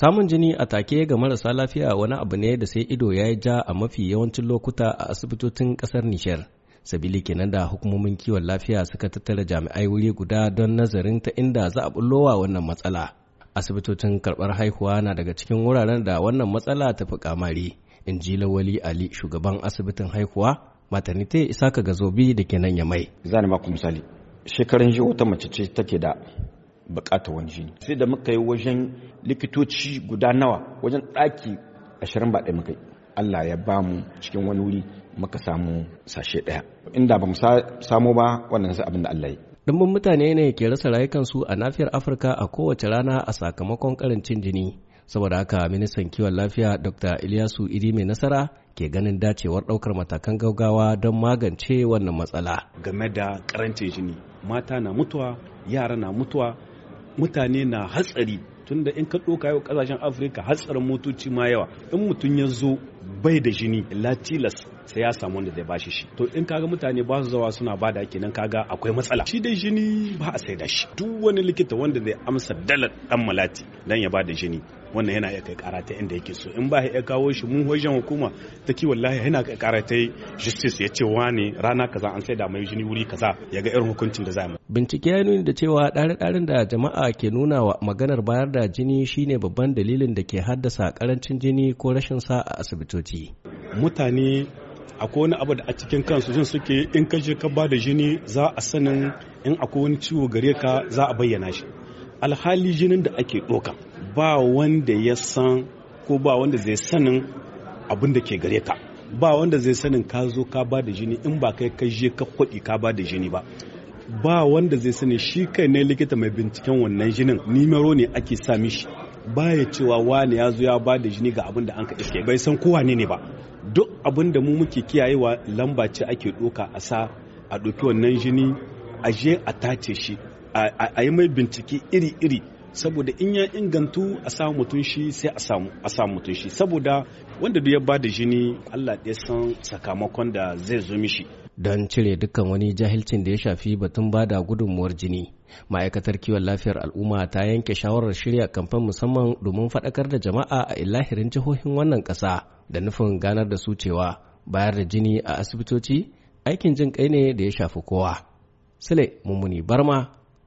Samun jini a take ga marasa lafiya wani abu ne da sai ido ya yi ja a mafi yawancin lokuta a asibitocin ƙasar Nishar. Sabili kenan da hukumomin kiwon lafiya suka tattara jami'ai wuri guda don nazarin ta inda za a bullowa wannan matsala. Asibitocin karɓar haihuwa na daga cikin wuraren da wannan matsala ta fi kamari. In ji Lawali Ali shugaban asibitin haihuwa maternity Isaka Gazobi da kenan ya mai. Zan ba misali. Shekarun jiya wata mace ce take da bukatar wani jini sai da muka yi wajen likitoci guda nawa wajen ɗaki ashirin ba ɗaya muka yi Allah ya ba mu cikin wani wuri muka samu sashe ɗaya inda ba mu samu ba wannan sai abin da Allah yi dumbin mutane ne ke rasa rayukansu a nafiyar Afirka a kowace rana a sakamakon karancin jini saboda haka ministan kiwon lafiya Dr. Ilyasu Idi mai nasara ke ganin dacewar ɗaukar matakan gaugawa don magance wannan matsala. Game da karancin jini, mata na mutuwa, yara na mutuwa, mutane na hatsari tunda in ka ɗoka yau ƙasashen afirka hatsarin motoci ma yawa in mutum ya zo bai da jini latilas sai ya samu wanda zai bashi shi to in kaga mutane ba su zawa suna bada kenan kaga akwai matsala shi dai jini ba a sai da shi duk wani likita wanda zai amsa dalar dan malati dan ya ba da jini wannan yana iya kai kara ta inda yake so in ba ya kawo shi mun wajen hukuma ta ki wallahi yana kai kara ta justice ya ce wani rana kaza an sai da mai jini wuri kaza ya ga irin hukuncin da za mu bincike ya nuni da cewa ɗare-ɗaren da jama'a ke nuna wa maganar bayar da jini shine babban dalilin da ke haddasa karancin jini ko rashin sa a asibitoci mutane akwai wani abu da a cikin kansu jin suke in ka je ka ba da jini za a sanin in akwai wani ciwo gare ka za a bayyana shi alhali jinin da ake ɗoka ba wanda ya san ko ba wanda zai sanin abin da ke gare ka ba wanda zai sanin ka zo ka ba da jini in ba kai ka je ka kwaɗi ka ba da jini ba ba wanda zai sani shi kai ne likita mai binciken wannan jinin nimero ne ake sa mishi ya cewa wani ya zo ya ba da jini ga abin da an ka iske bai san kowa ne ba duk abin da mu muke kiyayewa lamba ce ake doka a sa a ɗauki wannan jini a je a tace shi a yi mai bincike iri-iri saboda in ya ingantu a samu mutum shi sai a samu mutum shi saboda wanda duk ya ba da jini Allah ya san sakamakon da zai zo mishi don cire dukkan wani jahilcin da ya shafi batun da gudunmuwar jini ma'aikatar kiwon lafiyar al'umma ta yanke shawarar shirya kamfan musamman domin faɗakar da jama'a a ilahirin jihohin wannan ƙasa da nufin ganar da su cewa bayar da jini a asibitoci aikin jin kai ne da ya shafi kowa sule mummuni barma